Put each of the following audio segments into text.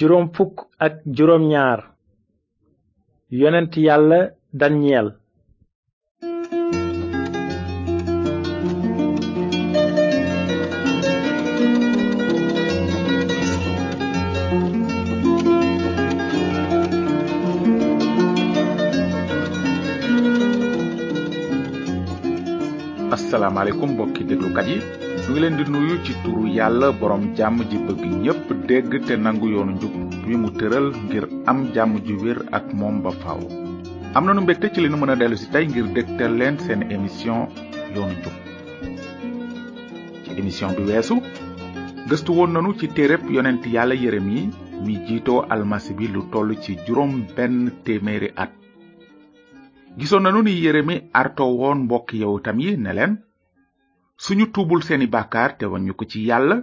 juróom fukk ak juróom ñaar yonent yàlla dañeel asalaamaaleykum mbokki déglukat yi mu leen di nuyu ci turu yàlla boroom jàmm ji bëgg ñépp dégg te nangu yoonu njub wi mu tëral ngir am jàmm ju wér ak moom ba faaw. am nanu mbégte ci li nu mën a dellu si tey ngir dégtal leen seen émission yoonu njub ci émission bi weesu gëstu woon nañu ci téereb yonent yàlla Yeremi mi jiitoo almasi bi lu toll ci juróom benn téeméeri at gisoon nañu ni Yeremi arto woon mbokki yow tam yi ne leen suñu tuubul seeni bàkkaar te wañu ko ci yàlla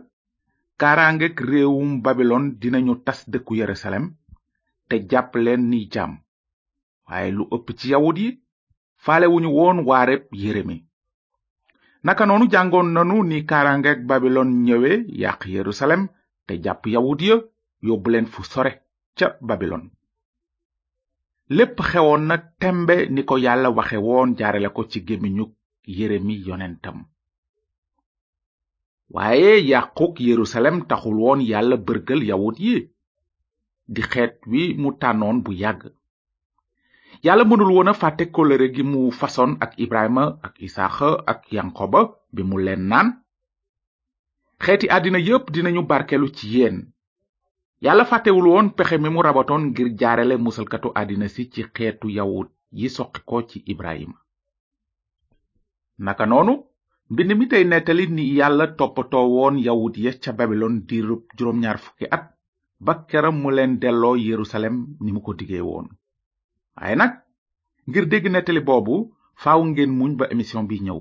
kaaraangeek réewum babilon dinañu tas dëkku yerusalem te jàpp leen ni jaam waaye lu ëpp ci yawut yi faalewuñu woon waareb yeremi naka noonu jàngoon nanu ni kaaraangeek babilon ñëwe yàq yerusalem te jàpp yawut ya yóbbu leen fu sore ca babilon lépp xewoon na tembe ni ko yàlla waxe woon jaarale ko ci gémmiñu yeremi yonentam waaye yàquk yerusalem taxul woon yàlla bërgël yawut yi di xeet wi mu tànnoon bu yàgg yàlla mënul woon a fàtte kóllëre gi mu fasoon ak ibrahima ak isaaxa ak yankoba bi mu leen naan xeeti àddina yépp dinañu barkelu ci yéen yàlla fàttewul woon pexe mi mu rabatoon ngir jaarale musalkatu àddina si ci xeetu yawut yi soqi ko ci ibrahima naka noonu mbind mi tey nettali ni yàlla toppatoo woon yawut ya ca babilon diirub juróom fukki at ba keram mu leen delloo yerusalem ni mu ko diggee woon waaye nag ngir dégg nettali boobu faaw ngeen muñ ba émission bi ñëw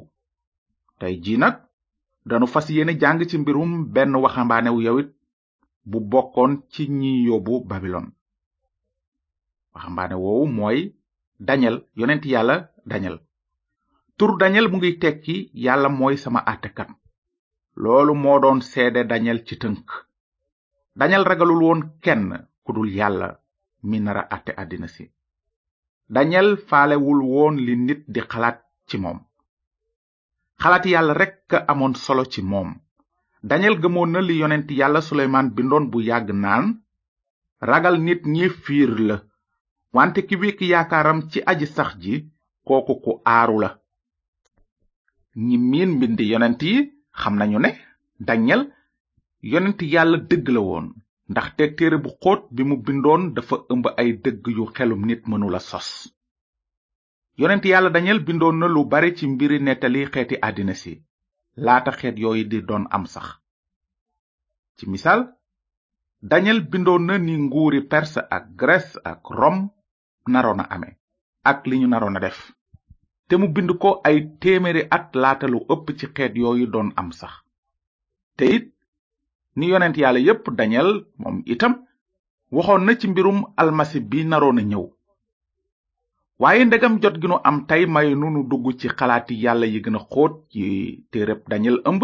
tey ji nag danu fas yéene jàng ci mbirum benn waxambaane wu yawut bu bokkoon ci ñi yóbbu babilon waxambaane woowu mooy dañel yonent yàlla dañel tur dañel mu ngi tekki yàlla mooy sama àttekat loolu moo doon seede dañel ci tënk dañel ragalul woon kenn ku dul yàlla mi nara àtte àddina si dañel faalewul woon li nit di xalaat ci moom xalaati yàlla rekk a amoon solo ci moom dañel gëmoon na li yonent yàlla suleymaan bindoon bu yàgg naan ragal nit ñi fiir la wante ki wekk yaakaaram ci aji sax ji kooku ku aaru la ñi miin mbindi yonent yi xam nañu ne dañel yonent yàlla dëgg la woon ndaxte téere bu xóot bi mu bindoon dafa ëmb ay dëgg yu xelum nit mënula sos yonent yàlla dañel bindoon na lu bare ci mbiri nettali xeeti àddina si laata xeet yooyu di doon am sax ci misaal dañel bindoon na ni nguuri perse ak grèce ak rom naroon a ame ak li ñu naroon a def te mu bind ko ay téeméeri at laata lu ëpp ci xeet yooyu doon am sax te it ni yonent yàlla yépp dañeel moom itam waxoon na ci mbirum almasi bi naroona ñëw waaye ndegam jot gi nu am tey may nunu dugg ci xalaati yàlla yi gën a xóot yi téereb dañeel ëmb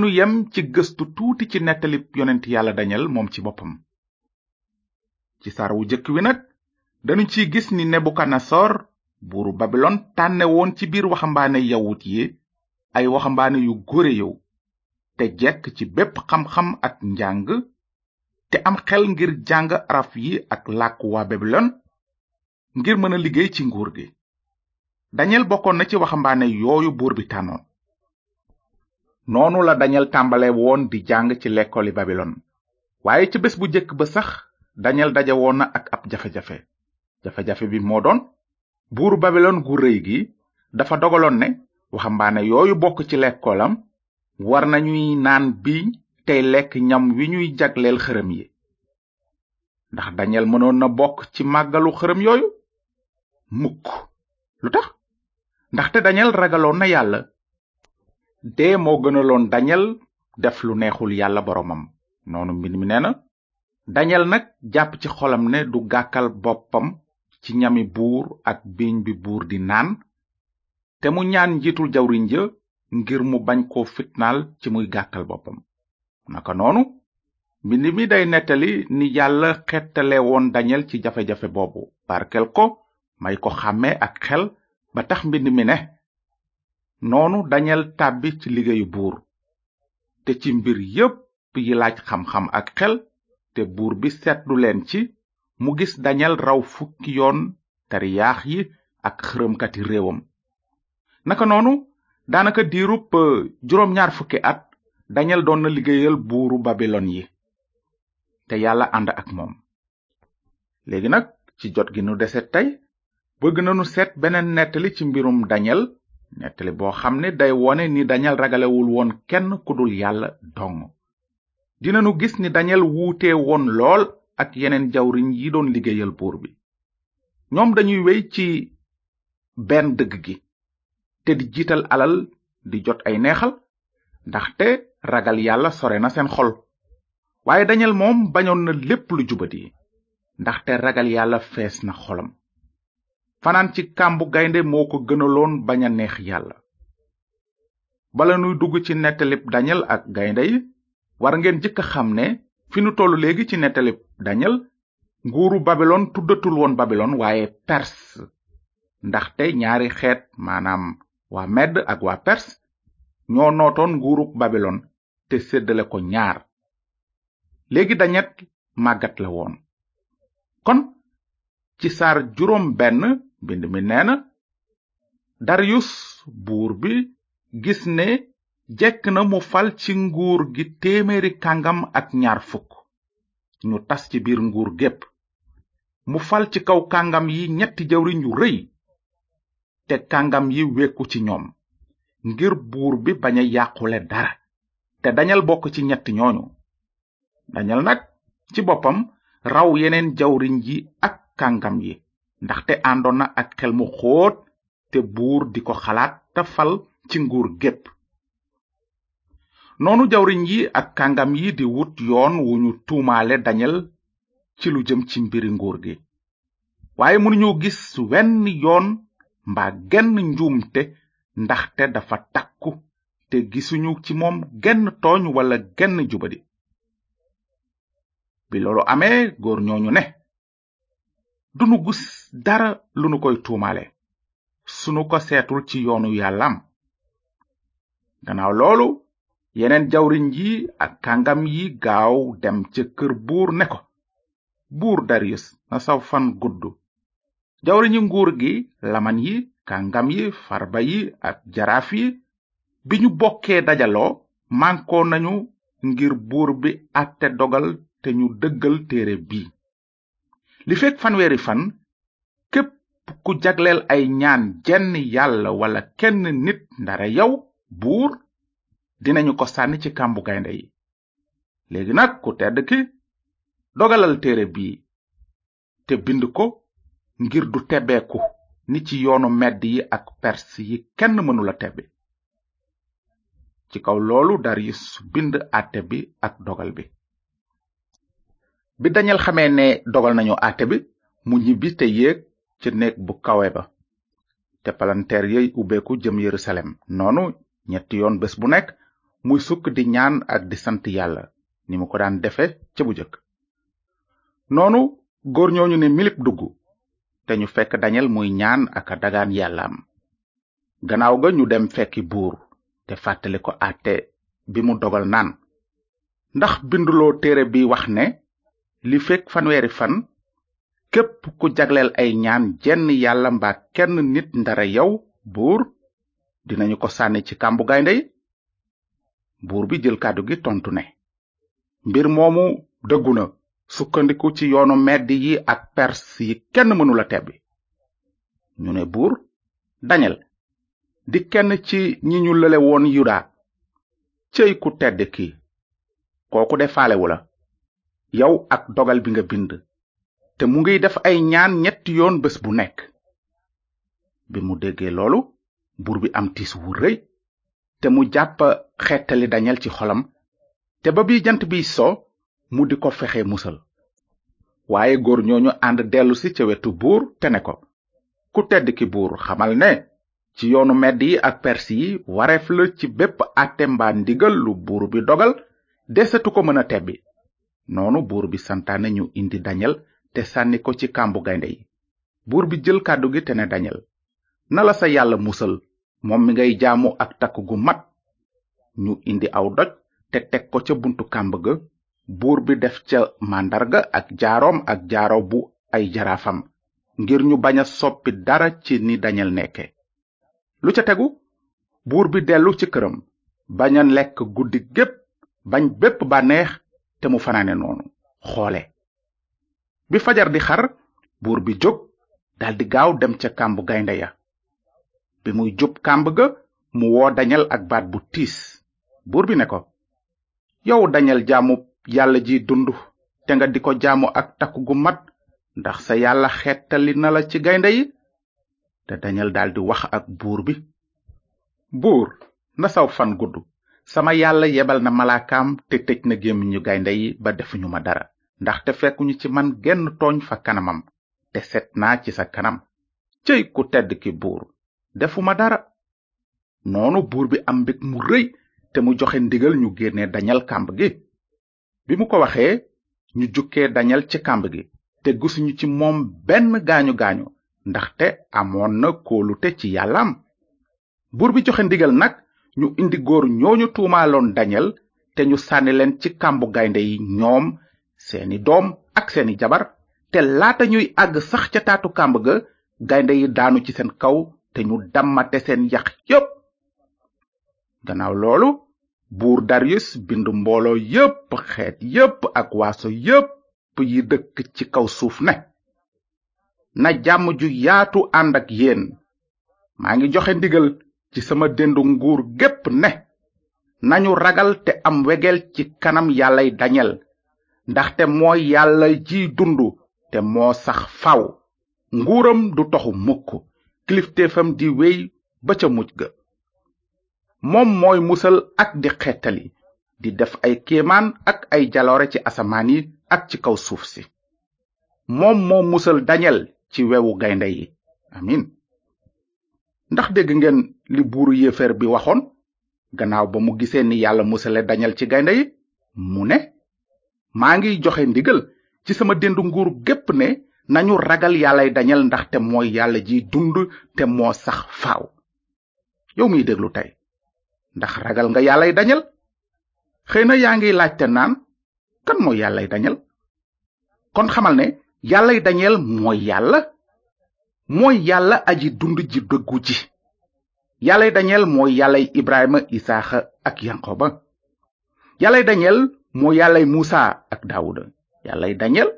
nu yem ci gëstu tuuti ci nettali yonent yàlla dañeel moom ci boppam ci sar wu jëkk wi nag danu ciy gis ni nebukadnasor buuru babilon tànne woon ci biir waxambaane yawut yi ay waxambaane yu góore yow te jekk ci bépp xam-xam ak njàng te am xel ngir jàng araf yi ak làkk waa babilon ngir mën a liggéey ci nguur gi dañeel bokkoon na ci waxambaane yooyu buur bi tànnoon noonu la dañeel tàmbale woon di jàng ci lekkooli babilon waaye ci bés bu jëkk ba sax dañeel daje woon na ak ab jafe-jafe jafe-jafe bi moo doon buur babilon gu rëy gi dafa dogaloon ne waxambaane yooyu bokk ci lekkoolam war nañuy naan biiñ tey lekk ñam wi ñuy jagleel xërëm yi ndax dañeel mënoon na bokk ci màggalu xërëm yooyu mukk lu tax ndaxte dañeel ragaloon na yàlla dee moo gënaloon dañeel def lu neexul yàlla boroomam noonu mbind mi nee dañeel nag jàpp ci xolam ne du gàkkal boppam ci ñami buur ak biiñ bi buur di naan te mu ñaan njiitu jawriñ ja ngir mu bañ ko fitnaal ci muy gàkkal boppam naka noonu mbind mi day nettali ni yàlla xettale woon dañel ci jafe-jafe boobu barkel ko may ko xàmme ak xel ba tax mbind mi ne noonu dañel tàbbi ci liggéeyu buur te ci mbir yépp yi laaj xam-xam ak xel te buur bi seetlu leen ci mu gis dañel raw fukki yoon tariyaax yi ak xërëmkati réewam naka noonu daanaka diirub euh, juróom ñaar fukki at dañel doon na liggéeyal buuru babilon yi te yàlla ànd ak moom léegi nag ci jot gi nu dese tey bëgg nanu seet beneen nettali ci mbirum dañel nettali boo xam ne day wone ni dañel ragalewul woon kenn ku dul yàlla dong dinanu gis ni dañel wuute woon lool ak yeneen jawriñ yi doon liggéeyal buur bi ñoom dañuy wey ci benn dëgg gi te di jiital alal di jot ay neexal ndaxte ragal yàlla sore na seen xol waaye dañeel moom bañoon na lépp lu jubat yi ndaxte ragal yàlla fees na xolam fanaan ci kàmb gaynde moo ko gënaloon bañ a neex yàlla bala nuy dugg ci nettalib dañeel ak gaynde yi war ngeen jëkk a xam ne fi nu toll léegi ci nettali dañal nguuru babilon tuddatul woon babilon waaye perse ndaxte ñaari xeet maanaam waa medd ak waa perse ñoo nootoon nguuruk babilon te séddale ko ñaar léegi dañet màggat la woon kon ci saar juróom benn mbind mi neena darius buur bi gis ne jekk na mu fal ci nguur gi téeméeri kàngam ak ñaar fukk ñu tas ci biir nguur gépp mu fal ci kaw kàngam yi ñetti jawriñ yu rëy te kàngam yi wekku ci ñoom ngir buur bi bañ yàqule dara te dañal bokk ci ñetti ñooñu dañal nag ci boppam raw yeneen jawriñ yi ak kàngam yi ndaxte àndoon na ak xel mu xóot te buur di ko xalaat te fal ci nguur gépp noonu jawriñ ji ak kàngam yi di wut yoon wu ñu tuumaale dañel ci lu jëm ci mbiri nguur gi waaye mënuñu gis wenn yoon mbaa genn njuumte ndaxte dafa tàkku te gisuñu ci moom genn tooñ wala genn jubadi bi loolu amee góor ñooñu ne dunu gis dara lu nu koy tuumaale sunu ko seetul ci yoonu yàllaam gannaaw loolu yeneen jawriñ yi ak kàngam yi gaaw dem ca kër buur ne ko buur darius na saw fan gudd jawriñu nguur gi laman yi kàngam yi farba yi ak jaraaf yi bi ñu bokkee dajaloo mànkoo nañu ngir buur bi àtte dogal te ñu dëggal téere bi li fekk fanweeri fan képp ku jagleel ay ñaan jenn yàlla wala kenn nit ndara yow buur dinañu ko sànni ci kàmbu gaynde yi léegi nag ku tedd ki dogalal téere bii te bind ko ngir du tebeeku ni ci yoonu medd yi ak pers yi kenn mënula tebbi ci kaw loolu Darius bind àtte bi ak dogal bi bi Daniel xamee ne dogal nañu àtte bi mu ñibbi te yéeg ca néeg bu kawe ba te palanteer yey ubbeeku jëm Yerusalem noonu ñetti yoon bés bu nekk muy sukk di ñaan ak di sant yàlla ni mu ko daan defe ca bu jëkk noonu góor ñooñu ne milip dugg te ñu fekk dañel muy ñaan ak a dagaan yàllaam gannaaw ga ñu dem fekki buur te fàttali ko àtte bi mu dogal naan ndax binduloo téere bi wax ne li fekk fanweeri fan képp ku jagleel ay ñaan jenn yàlla mbaa kenn nit ndara yow buur dinañu ko sànni ci kàmbu gaynde buur bi jël kàddu gi tontu ne mbir moomu dëggu na sukkandiku ci yoonu medd yi ak perse yi kenn mënula tebbi ñu ne buur dañel di kenn ci ñi ñu lële woon yuda céy ku tedd ki kooku de la yow ak dogal bi nga bind te mu ngi def ay ñaan ñetti yoon bés bu nekk bi mu déggee loolu buur bi am tiis wu rëy te mu jàpp xettali dañel ci xolam te ba bii jant bi so mu di ko fexe musal waaye góor ñooñu ànd dellusi ca wetu buur te ne ko ku tedd ki buur xamal ne ci yoonu medd yi ak persi yi wareef la ci bépp àtte mbaa ndigal lu buur bi dogal desetu ko mëna a tebbi noonu buur bi santaane ñu indi dañel te sànni ko ci kàmbu gaynde yi buur bi jël kàddu gi te ne dañel na sa yàlla musal moom mi ngay jaamu ak takk gu mat ñu indi aw doj te teg ko ca buntu kàmb ga buur bi def ca màndarga ak jaaroom ak jaaro bu ay jaraafam ngir ñu bañ a soppi dara ci ni dañal nekke lu ca tegu buur bi dellu ci këram bañ a lekk guddi gépp bañ bépp bànneex te mu fanaane noonu xoole bi fajar di xar buur bi jóg dal di gaaw dem ca kàmb gaynde ya bi muy jub kàmb ga mu woo dañal ak baat bu tiis buur bi ne ko yow dañal jaamu yàlla ji dund te nga di ko jaamu ak takk gu mat ndax sa yàlla xettali na la ci gaynde yi te dañal di wax ak buur bi buur na saw fan gudd sama yàlla yebal na malaakaam te tëj na gémmiñu gaynde yi ba defuñu ma dara ndaxte fekkuñu ci man genn tooñ fa kanamam te set naa ci sa kanam céy ku tedd ki buur defuma dara noonu buur bi am mbég mu rëy te mu joxe ndigal ñu génne dañal kàmb gi bi mu ko waxee ñu jukkee dañal ci kàmb gi te gisuñu ci moom benn gaañu gaañu ndaxte amoon na kóolute ci yàllaam buur bi joxe ndigal nag ñu indi góor ñooñu tuumaaloon dañal te ñu sànni leen ci kàmbu gaynde yi ñoom seeni doom ak seeni jabar te laata ñuy àgg sax ca taatu kàmb ga gaynde yi daanu ci seen kaw te ñu dammate seen yax yépp gannaaw loolu buur darius bind mbooloo yépp xeet yépp ak waaso yépp yi dëkk ci kaw suuf ne na jàmm ju yaatu ànd ak yéen maa ngi joxe ndigal ci sama dendu nguur gépp ne nañu ragal te am wegeel ci kanam yàllay dañel ndaxte mooy yàlla ji dund te moo sax faw nguuram du toxu mukk kilifteefam di wéy ba ca mujj ga moom mooy musal ak di xettali di def ay kéemaan ak ay jaloore ci asamaan yi ak ci kaw suuf si moom moo musal dañel ci wewu gaynde yi amin ndax dégg ngeen li buuru yéeféer bi waxoon gannaaw ba mu gisee ni yàlla musale dañel ci gaynde yi mu ne maa ngiy joxe ndigal ci sama déndu nguur gépp ne nañu ragal yàllay dañel ndaxte mooy yàlla ji dund te moo sax faaw yow miy déglu tey ndax ragal nga yàllay dañel xëy na yaa ngi laajte naan kan mooy yàllay dañel kon xamal ne yàllay dañel mooy yàlla mooy yàlla aji dund ji dëggu ji yàllay dañel mooy yàllay ibrahima isaaxa ak yanqoba yàllay dañel mooy yàllay muusa ak daawuda yàllay dañel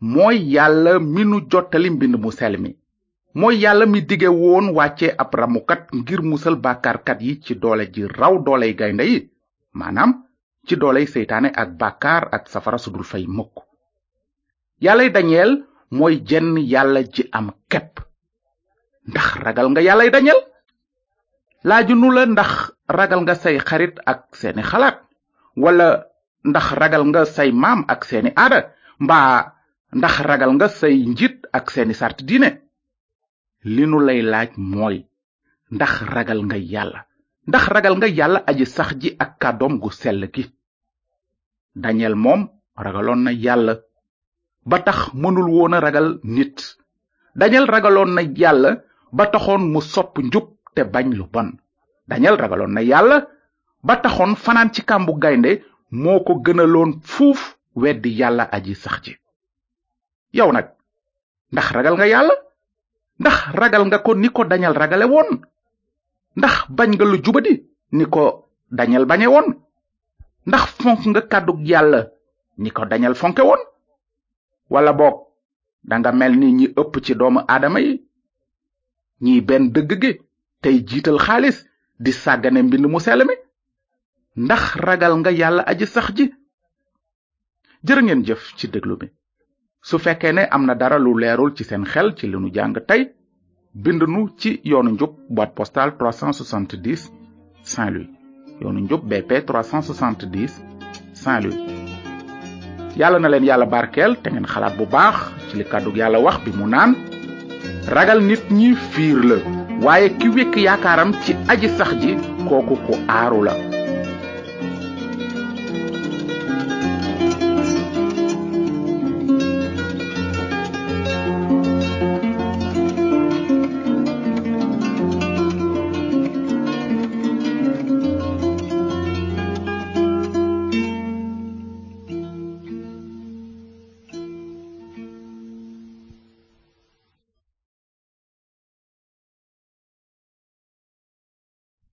mooy yàlla mi nu jottali mbind mu sel mi mooy yàlla mi dige woon wàcce ab ramukat ngir musal bàkkaarkat yi ci doole ji raw doole yi gaynde yi maanaam ci dooley seytaane ak bàkkaar ak safara su dul fay mukk yàllay dañeel mooy jenn yàlla ji am kepp ndax ragal nga yàllay dañeel laaju nu la ndax ragal nga say xarit ak seeni xalaat wala ndax ragal nga say maam ak seeni aada mbaa ndax ragal nga say njiit ak seeni sart diine li nu lay laaj mooy ndax ragal nga yàlla ndax ragal nga yàlla aji sax ji ak kàddoom gu sell gi Daniel moom ragaloon na yàlla ba tax mënul woon a ragal nit ragaloon na yàlla ba taxoon mu sopp njub te bañ lu bon Daniel ragaloon na yàlla ba taxoon fanaan ci kàmbu gaynde moo ko gënaloon fuuf weddi yàlla aji sax ji yow nag ndax ragal nga yàlla ndax ragal nga ko ni ko dañal ragale woon ndax bañ nga lu jubadi ni ko dañal bañe woon ndax fonk nga kàddug yàlla ni ko dañal fonke woon wala boog danga mel ni ñi ëpp ci doomu aadama yi ñiy benn dëgg gi tey jiital xaalis di sàggane mbind mu sell mi ndax ragal nga yàlla aji sax ji jërë ngeen jëf ci déglu bi su fekkee ne am na dara lu leerul ci seen xel ci li nu jàng tey bind nu ci yoonu njub boîte postale 370 Saint-Louis yoonu njub BP 370 saint yàlla na leen yàlla barkeel te ngeen xalaat bu baax ci li kàddu yàlla wax bi mu naan ragal nit ñi fiir la waaye ki wekk yaakaaram ci aji sax ji kooku ku aaru la